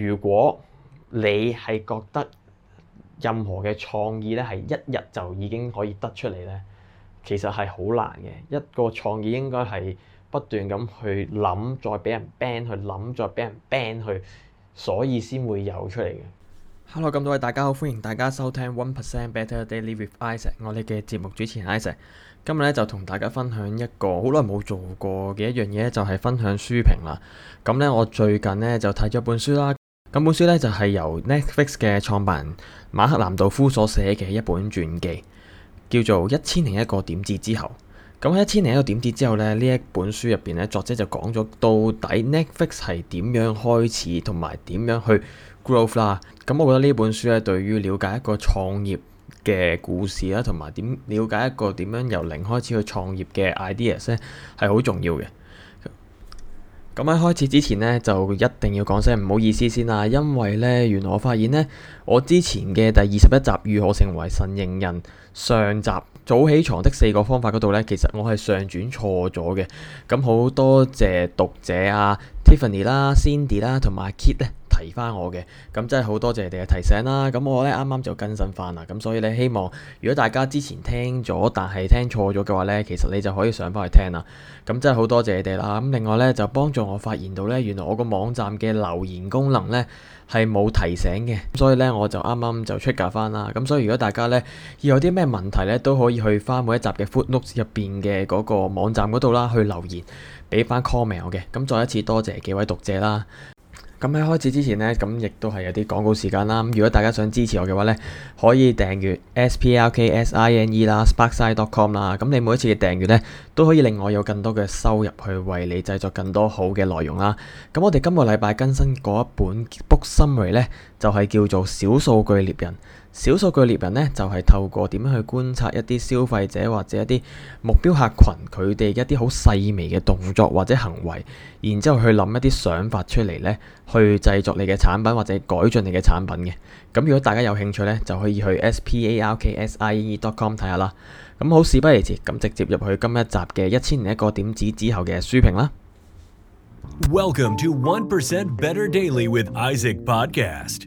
如果你係覺得任何嘅創意咧係一日就已經可以得出嚟咧，其實係好難嘅。一個創意應該係不斷咁去諗，再俾人 ban 去諗，再俾人 ban 去，所以先會有出嚟嘅。Hello，咁多位大家好，歡迎大家收聽 One Percent Better Daily with Isaac。我哋嘅節目主持人 Isaac，今日咧就同大家分享一個好耐冇做過嘅一樣嘢，就係分享書評啦。咁咧，我最近咧就睇咗本書啦。咁本書咧就係由 Netflix 嘅創辦人馬克南道夫所寫嘅一本傳記，叫做《一千零一個點子之後》。咁喺一千零一個點子之後咧，呢一本書入邊咧，作者就講咗到底 Netflix 係點樣開始，同埋點樣去 growth 啦。咁我覺得呢本書咧，對於了解一個創業嘅故事啦，同埋點瞭解一個點樣由零開始去創業嘅 ideas 咧，係好重要嘅。咁喺開始之前呢，就一定要講聲唔好意思先啦，因為呢，原來我發現呢，我之前嘅第二十一集《如何成為晨型人》上集早起床的四個方法嗰度呢，其實我係上傳錯咗嘅。咁好多謝讀者啊，Tiffany 啦、Cindy 啦同埋 Kit 呢。提翻我嘅，咁真係好多謝你哋嘅提醒啦。咁我呢啱啱就更新翻啦，咁所以呢，希望如果大家之前聽咗但係聽錯咗嘅話呢，其實你就可以上翻去聽啦。咁真係好多謝你哋啦。咁另外呢，就幫助我發現到呢，原來我個網站嘅留言功能呢係冇提醒嘅，所以呢，我就啱啱就出教翻啦。咁所以如果大家呢有啲咩問題呢，都可以去翻每一集嘅 footnote 入邊嘅嗰個網站嗰度啦，去留言俾翻 comment 我嘅。咁再一次多謝幾位讀者啦。咁喺開始之前呢，咁亦都係有啲廣告時間啦。咁如果大家想支持我嘅話呢，可以訂閱 SPLKSINE 啦，sparkside.com 啦。咁你每一次嘅訂閱呢，都可以令我有更多嘅收入去為你製作更多好嘅內容啦。咁我哋今個禮拜更新嗰一本 book summary 呢，就係叫做《小數據獵人》。小數據獵人呢，就係透過點樣去觀察一啲消費者或者一啲目標客群佢哋一啲好細微嘅動作或者行為，然之後去諗一啲想法出嚟呢，去製作你嘅產品或者改進你嘅產品嘅。咁如果大家有興趣呢，就可以去 sparksire.com 睇下啦。咁好，事不宜遲，咁直接入去今一集嘅一千零一個點子之後嘅書評啦。Welcome to One Percent Better Daily with Isaac Podcast.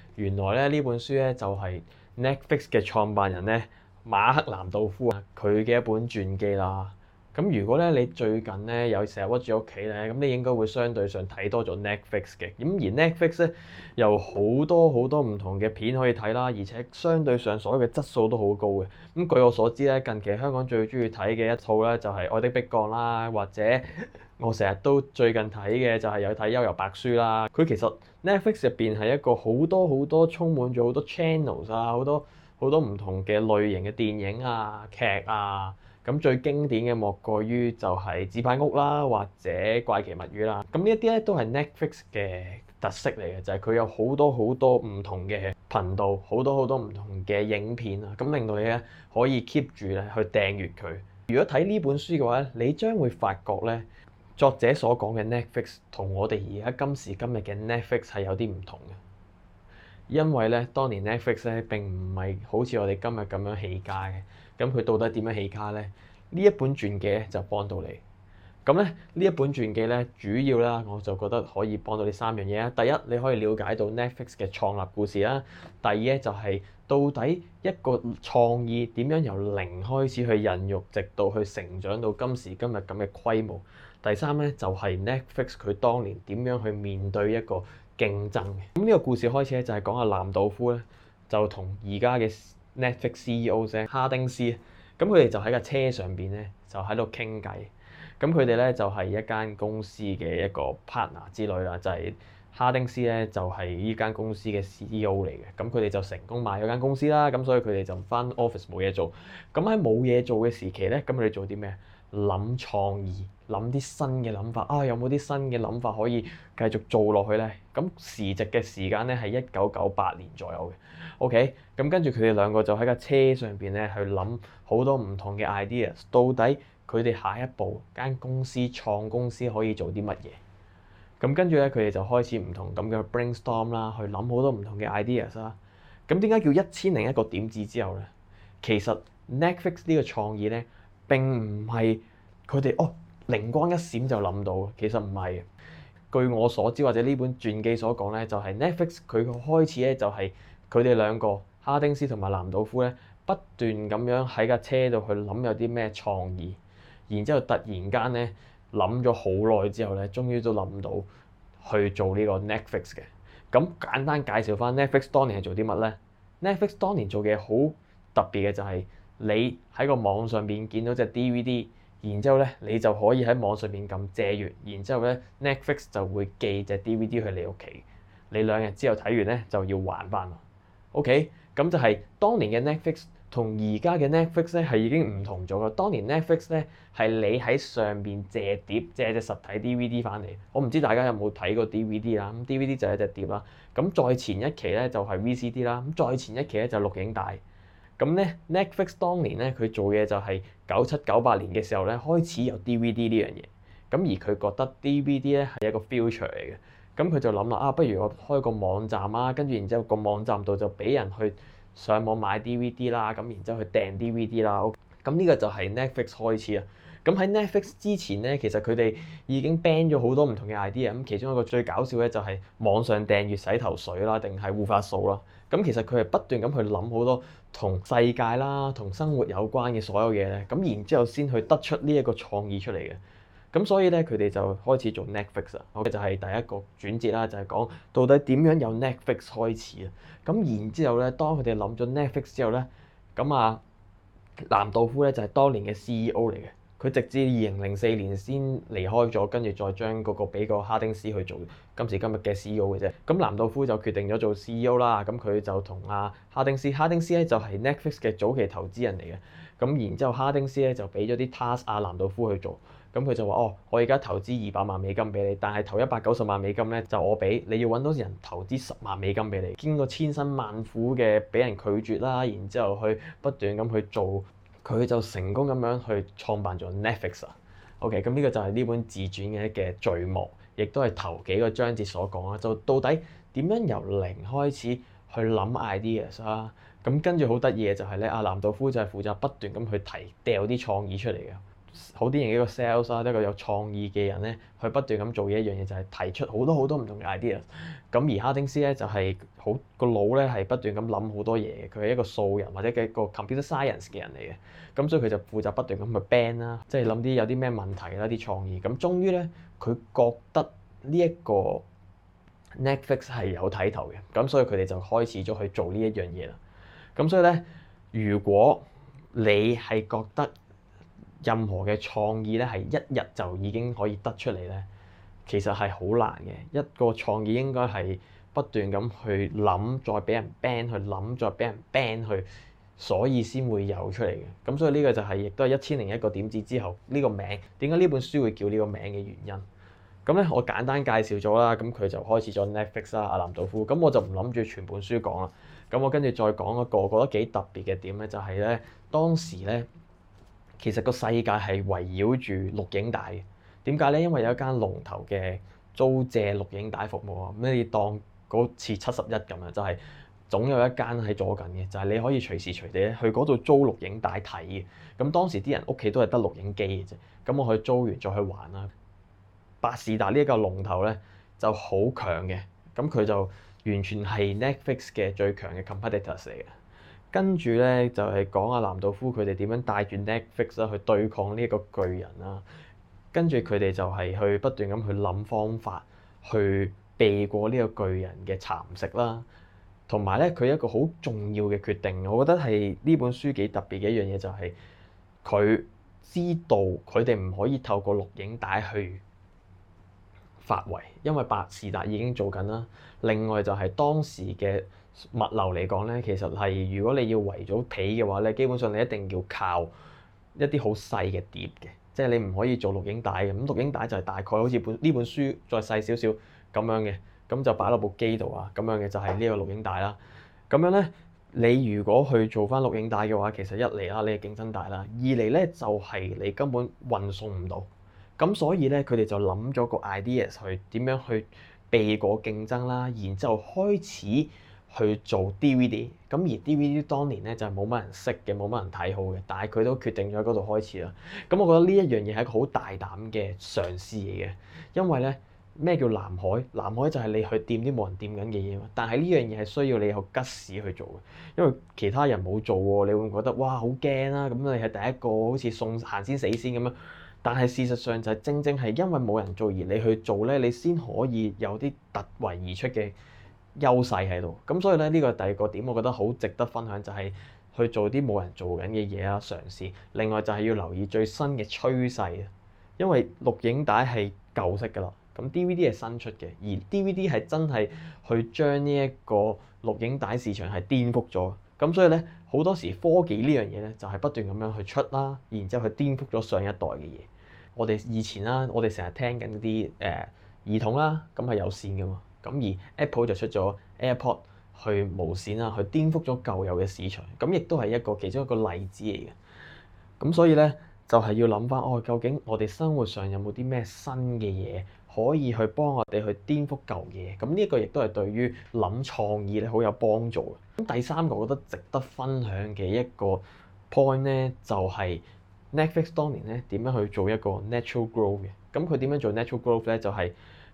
原來呢本書呢，就係 Netflix 嘅創辦人呢，馬克藍道夫啊，佢嘅一本傳記啦。咁如果咧你最近咧有成日屈住屋企咧，咁你應該會相對上睇多咗 Netflix 嘅。咁而 Netflix 咧有好多好多唔同嘅片可以睇啦，而且相對上所有嘅質素都好高嘅。咁據我所知咧，近期香港最中意睇嘅一套咧就係《愛的迫降》啦，或者我成日都最近睇嘅就係有睇《幽遊白書》啦。佢其實 Netflix 入邊係一個好多好多充滿咗好多 channel 啊，好多好多唔同嘅類型嘅電影啊、劇啊。咁最經典嘅莫過於就係紙牌屋啦，或者怪奇物語啦。咁呢一啲咧都係 Netflix 嘅特色嚟嘅，就係佢有好多好多唔同嘅頻道，好多好多唔同嘅影片啊。咁令到你咧可以 keep 住咧去訂閱佢。如果睇呢本書嘅話，你將會發覺咧作者所講嘅 Netflix 同我哋而家今時今日嘅 Netflix 係有啲唔同嘅，因為咧當年 Netflix 咧並唔係好似我哋今日咁樣起家嘅。咁佢到底點樣起家咧？呢一本傳記咧就幫到你。咁咧呢一本傳記咧，主要咧我就覺得可以幫到呢三樣嘢啊。第一，你可以了解到 Netflix 嘅創立故事啦。第二咧就係到底一個創意點樣由零開始去孕育，直到去成長到今時今日咁嘅規模。第三咧就係 Netflix 佢當年點樣去面對一個競爭嘅。咁呢個故事開始咧就係講阿藍道夫咧，就同而家嘅。Netflix CEO 聲哈丁斯，咁佢哋就喺架車上邊咧，就喺度傾偈。咁佢哋咧就係、是、一間公司嘅一個 partner 之類啦，就係、是、哈丁斯咧就係、是、呢間公司嘅 CEO 嚟嘅。咁佢哋就成功賣咗間公司啦，咁所以佢哋就返 office 冇嘢做。咁喺冇嘢做嘅時期咧，咁佢哋做啲咩？諗創意，諗啲新嘅諗法啊，有冇啲新嘅諗法可以繼續做落去呢？咁時值嘅時間咧係一九九八年左右嘅。OK，咁跟住佢哋兩個就喺架車上邊咧去諗好多唔同嘅 ideas，到底佢哋下一步間公司創公司可以做啲乜嘢？咁跟住咧佢哋就開始唔同咁嘅 brainstorm 啦，去諗好多唔同嘅 ideas 啦。咁點解叫一千零一個點子之後呢？其實 Netflix 呢個創意呢。並唔係佢哋哦靈光一閃就諗到，其實唔係。據我所知或者呢本傳記所講咧，就係、是、Netflix 佢開始咧就係佢哋兩個哈丁斯同埋藍道夫咧不斷咁樣喺架車度去諗有啲咩創意，然之後突然間咧諗咗好耐之後咧，終於都諗到去做呢個 Netflix 嘅。咁簡單介紹返 Netflix 當年係做啲乜咧？Netflix 當年做嘅好特別嘅就係、是。你喺個網上邊見到隻 DVD，然之後咧，你就可以喺網上邊撳借完。然之後咧，Netflix 就會寄隻 DVD 去你屋企。你兩日之後睇完咧就要還翻。OK，咁就係當年嘅 Netflix 同而家嘅 Netflix 咧係已經唔同咗㗎。當年 Netflix 咧係你喺上邊借碟借隻實體 DVD 翻嚟，我唔知大家有冇睇過 DVD 啦。咁 DVD 就係一隻碟啦。咁再前一期咧就係 VCD 啦，咁再前一期咧就錄影帶。咁咧，Netflix 當年咧，佢做嘢就係九七九八年嘅時候咧，開始有 DVD 呢樣嘢。咁而佢覺得 DVD 咧係一個 future 嚟嘅，咁佢就諗啦，啊不如我開個網站啦，跟住然之後個網站度就俾人去上網買 DVD 啦，咁然之後去訂 DVD 啦。咁、這、呢個就係 Netflix 開始啊。咁喺 Netflix 之前咧，其實佢哋已經 ban 咗好多唔同嘅 idea。咁其中一個最搞笑咧就係網上訂閱洗頭水啦，定係護髮素啦。咁其實佢係不斷咁去諗好多同世界啦、同生活有關嘅所有嘢咧。咁然之後先去得出呢一個創意出嚟嘅。咁所以咧，佢哋就開始做 Netflix 啊。就係、是、第一個轉折啦，就係、是、講到底點樣有 Netflix 開始啊。咁然後之後咧，當佢哋諗咗 Netflix 之後咧，咁啊，藍道夫咧就係當年嘅 CEO 嚟嘅。佢直至二零零四年先離開咗，跟住再將嗰個俾個哈丁斯去做今時今日嘅 CEO 嘅啫。咁藍道夫就決定咗做 CEO 啦。咁佢就同阿哈丁斯，哈丁斯咧就係 Netflix 嘅早期投資人嚟嘅。咁然之後，哈丁斯咧就俾咗啲 task 阿藍道夫去做。咁佢就話：哦，我而家投資二百萬美金俾你，但係投一百九十萬美金咧就我俾，你要搵到人投資十萬美金俾你。經過千辛萬苦嘅俾人拒絕啦，然之後去不斷咁去做。佢就成功咁樣去創辦咗 Netflix 啊。OK，咁呢個就係呢本自傳嘅一個序幕，亦都係頭幾個章節所講啦。就到底點樣由零開始去諗 ideas 啦？咁跟住好得意嘅就係、是、咧，阿南道夫就係負責不斷咁去提掉啲創意出嚟嘅。好啲人一個 sales 啦、啊，一個有創意嘅人咧，佢不斷咁做嘢，一樣嘢就係、是、提出好多好多唔同嘅 ideas。咁而哈丁斯咧就係、是、好個腦咧係不斷咁諗好多嘢，佢係一個素人或者佢一個 computer science 嘅人嚟嘅。咁所以佢就負責不斷咁去 ban 啦，即係諗啲有啲咩問題啦，啲創意。咁終於咧，佢覺得呢一個 Netflix 係有睇頭嘅。咁所以佢哋就開始咗去做呢一樣嘢啦。咁所以咧，如果你係覺得，任何嘅創意咧，係一日就已經可以得出嚟咧，其實係好難嘅。一個創意應該係不斷咁去諗，再俾人 ban 去諗，再俾人 ban 去，所以先會有出嚟嘅。咁所以呢個就係、是、亦都係一千零一個點子之後呢、呢個名，點解呢本書會叫呢個名嘅原因。咁咧，我簡單介紹咗啦，咁佢就開始咗 Netflix 啦、啊，阿林道夫。咁我就唔諗住全本書講啦。咁我跟住再講一個覺得幾特別嘅點咧，就係、是、咧當時咧。其實個世界係圍繞住錄影帶嘅，點解咧？因為有一間龍頭嘅租借錄影帶服務啊，咩當嗰次七十一咁啊，就係、是、總有一間喺左近嘅，就係、是、你可以隨時隨地去嗰度租錄影帶睇嘅。咁當時啲人屋企都係得錄影機嘅啫，咁我去租完再去還啦。百事達呢一個龍頭咧就好強嘅，咁佢就完全係 Netflix 嘅最強嘅 competitors 嚟嘅。跟住咧就係講阿南道夫佢哋點樣帶住 Netflix 去對抗呢一個巨人啦，跟住佢哋就係去不斷咁去諗方法去避過呢個巨人嘅蠶食啦，同埋咧佢一個好重要嘅決定，我覺得係呢本書幾特別嘅一樣嘢就係、是、佢知道佢哋唔可以透過錄影帶去發圍，因為百事達已經做緊啦。另外就係當時嘅物流嚟講咧，其實係如果你要圍咗皮嘅話咧，基本上你一定要靠一啲好細嘅碟嘅，即係你唔可以做錄影帶嘅。咁錄影帶就係大概好似本呢本書再細少少咁樣嘅，咁就擺落部機度啊，咁樣嘅就係呢個錄影帶啦。咁樣咧，你如果去做返錄影帶嘅話，其實一嚟啦，你競爭大啦；二嚟咧，就係、是、你根本運送唔到。咁所以咧，佢哋就諗咗個 ideas 去點樣去避過競爭啦，然之後開始去做 DVD。咁而 DVD 當年咧就係冇乜人識嘅，冇乜人睇好嘅，但係佢都決定咗喺嗰度開始啦。咁、嗯、我覺得呢一樣嘢係一個好大膽嘅嘗試嚟嘅，因為咧咩叫南海？南海就係你去掂啲冇人掂緊嘅嘢嘛。但係呢樣嘢係需要你去 guts 去做嘅，因為其他人冇做喎。你會唔會覺得哇好驚啦！咁、啊、你係第一個，好似送行先死先咁樣。但係事實上就係正正係因為冇人做而你去做咧，你先可以有啲突圍而出嘅優勢喺度。咁所以咧，呢個第二個點，我覺得好值得分享，就係去做啲冇人做緊嘅嘢啊，嘗試。另外就係要留意最新嘅趨勢，因為錄影帶係舊式㗎啦，咁 DVD 係新出嘅，而 DVD 係真係去將呢一個錄影帶市場係顛覆咗。咁所以咧。好多時科技呢樣嘢咧，就係、是、不斷咁樣去出啦，然之後去顛覆咗上一代嘅嘢。我哋以前啦，我哋成日聽緊啲誒耳筒啦，咁、呃、係有線㗎嘛。咁而 Apple 就出咗 AirPod 去無線啦，去顛覆咗舊有嘅市場。咁亦都係一個其中一個例子嚟嘅。咁所以咧，就係、是、要諗翻，哦，究竟我哋生活上有冇啲咩新嘅嘢？可以去幫我哋去顛覆舊嘢，咁呢一個亦都係對於諗創意咧好有幫助嘅。咁第三個，我覺得值得分享嘅一個 point 咧，就係 Netflix 當年咧點樣去做一個 natural growth 嘅。咁佢點樣做 natural growth 咧？就係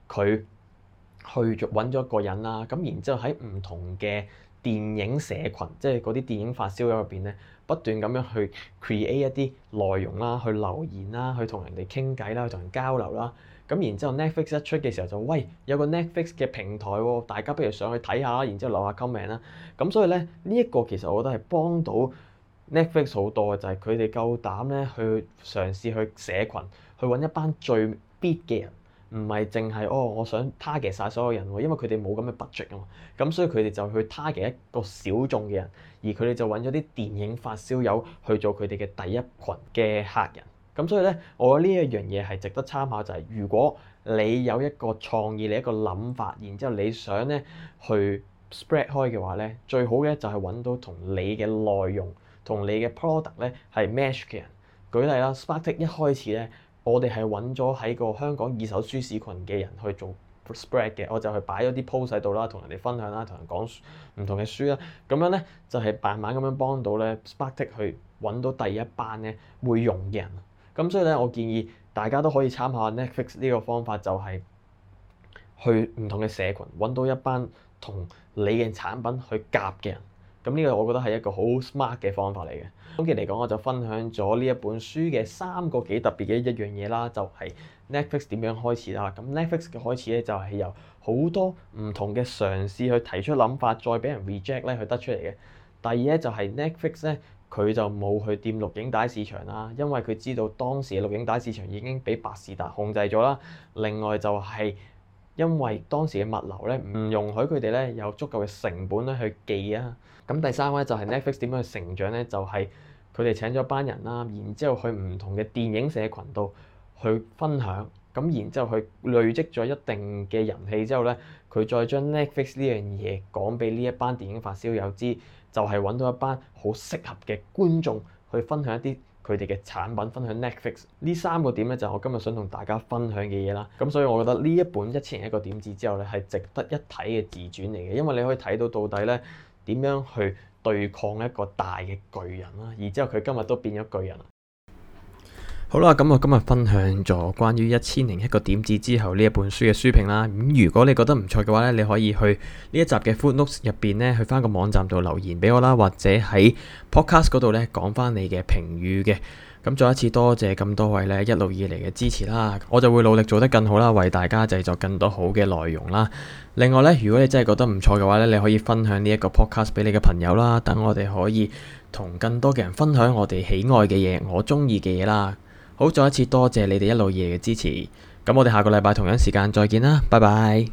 佢去咗揾咗一個人啦。咁然之後喺唔同嘅電影社群，即係嗰啲電影發燒友入邊咧，不斷咁樣去 create 一啲內容啦，去留言啦，去同人哋傾偈啦，去同人交流啦。咁然之後 Netflix 一出嘅時候就喂，有個 Netflix 嘅平台喎，大家不如上去睇下，然之後留下 comment 啦。咁所以咧呢一個其實我覺得係幫到 Netflix 好多嘅，就係佢哋夠膽咧去嘗試去社群，去揾一班最 big 嘅人，唔係淨係哦我想 target 晒所有人喎，因為佢哋冇咁嘅 budget 啊嘛。咁所以佢哋就去 target 一個小眾嘅人，而佢哋就揾咗啲電影發燒友去做佢哋嘅第一群嘅客人。咁所以咧，我覺得呢一樣嘢係值得參考就係、是，如果你有一個創意，你一個諗法，然之後你想咧去 spread 開嘅話咧，最好嘅就係、是、揾到同你嘅內容同你嘅 product 咧係 match 嘅人。舉例啦，Sparktik 一開始咧，我哋係揾咗喺個香港二手書市群嘅人去做 spread 嘅，我就去擺咗啲 post 喺度啦，同人哋分享啦，同人講唔同嘅書啦，咁樣咧就係、是、慢慢咁樣幫到咧 Sparktik 去揾到第一班咧會用嘅人。咁所以咧，我建議大家都可以參考 Netflix 呢個方法，就係去唔同嘅社群揾到一班同你嘅產品去夾嘅人。咁呢個我覺得係一個好 smart 嘅方法嚟嘅。總結嚟講，我就分享咗呢一本書嘅三個幾特別嘅一樣嘢啦，就係 Netflix 點樣開始啦。咁 Netflix 嘅開始咧，就係由好多唔同嘅嘗試去提出諗法，再俾人 reject 咧，去得出嚟嘅。第二咧，就係 Netflix 咧。佢就冇去掂錄影帶市場啦，因為佢知道當時嘅錄影帶市場已經俾百事達控制咗啦。另外就係因為當時嘅物流咧，唔容許佢哋咧有足夠嘅成本咧去寄啊。咁第三位就係 Netflix 點樣去成長咧，就係佢哋請咗班人啦，然之後去唔同嘅電影社群度去分享，咁然之後去累積咗一定嘅人氣之後咧，佢再將 Netflix 呢樣嘢講俾呢一班電影發燒友知。就係揾到一班好適合嘅觀眾去分享一啲佢哋嘅產品，分享 Netflix 呢三個點呢，就係我今日想同大家分享嘅嘢啦。咁所以我覺得呢一本一千人一個點子之後呢，係值得一睇嘅自傳嚟嘅，因為你可以睇到到底呢點樣去對抗一個大嘅巨人啦。而之後佢今日都變咗巨人。好啦，咁我今日分享咗關於一千零一個點子之後呢一本書嘅書評啦。咁如果你覺得唔錯嘅話呢，你可以去呢一集嘅 footnotes 入邊呢，去翻個網站度留言俾我啦，或者喺 Podcast 嗰度呢講翻你嘅評語嘅。咁再一次多謝咁多位呢一路以嚟嘅支持啦，我就會努力做得更好啦，為大家製作更多好嘅內容啦。另外呢，如果你真係覺得唔錯嘅話呢，你可以分享呢一個 Podcast 俾你嘅朋友啦，等我哋可以同更多嘅人分享我哋喜愛嘅嘢，我中意嘅嘢啦。好，再一次多謝你哋一路以嚟嘅支持。咁我哋下個禮拜同樣時間再見啦，拜拜。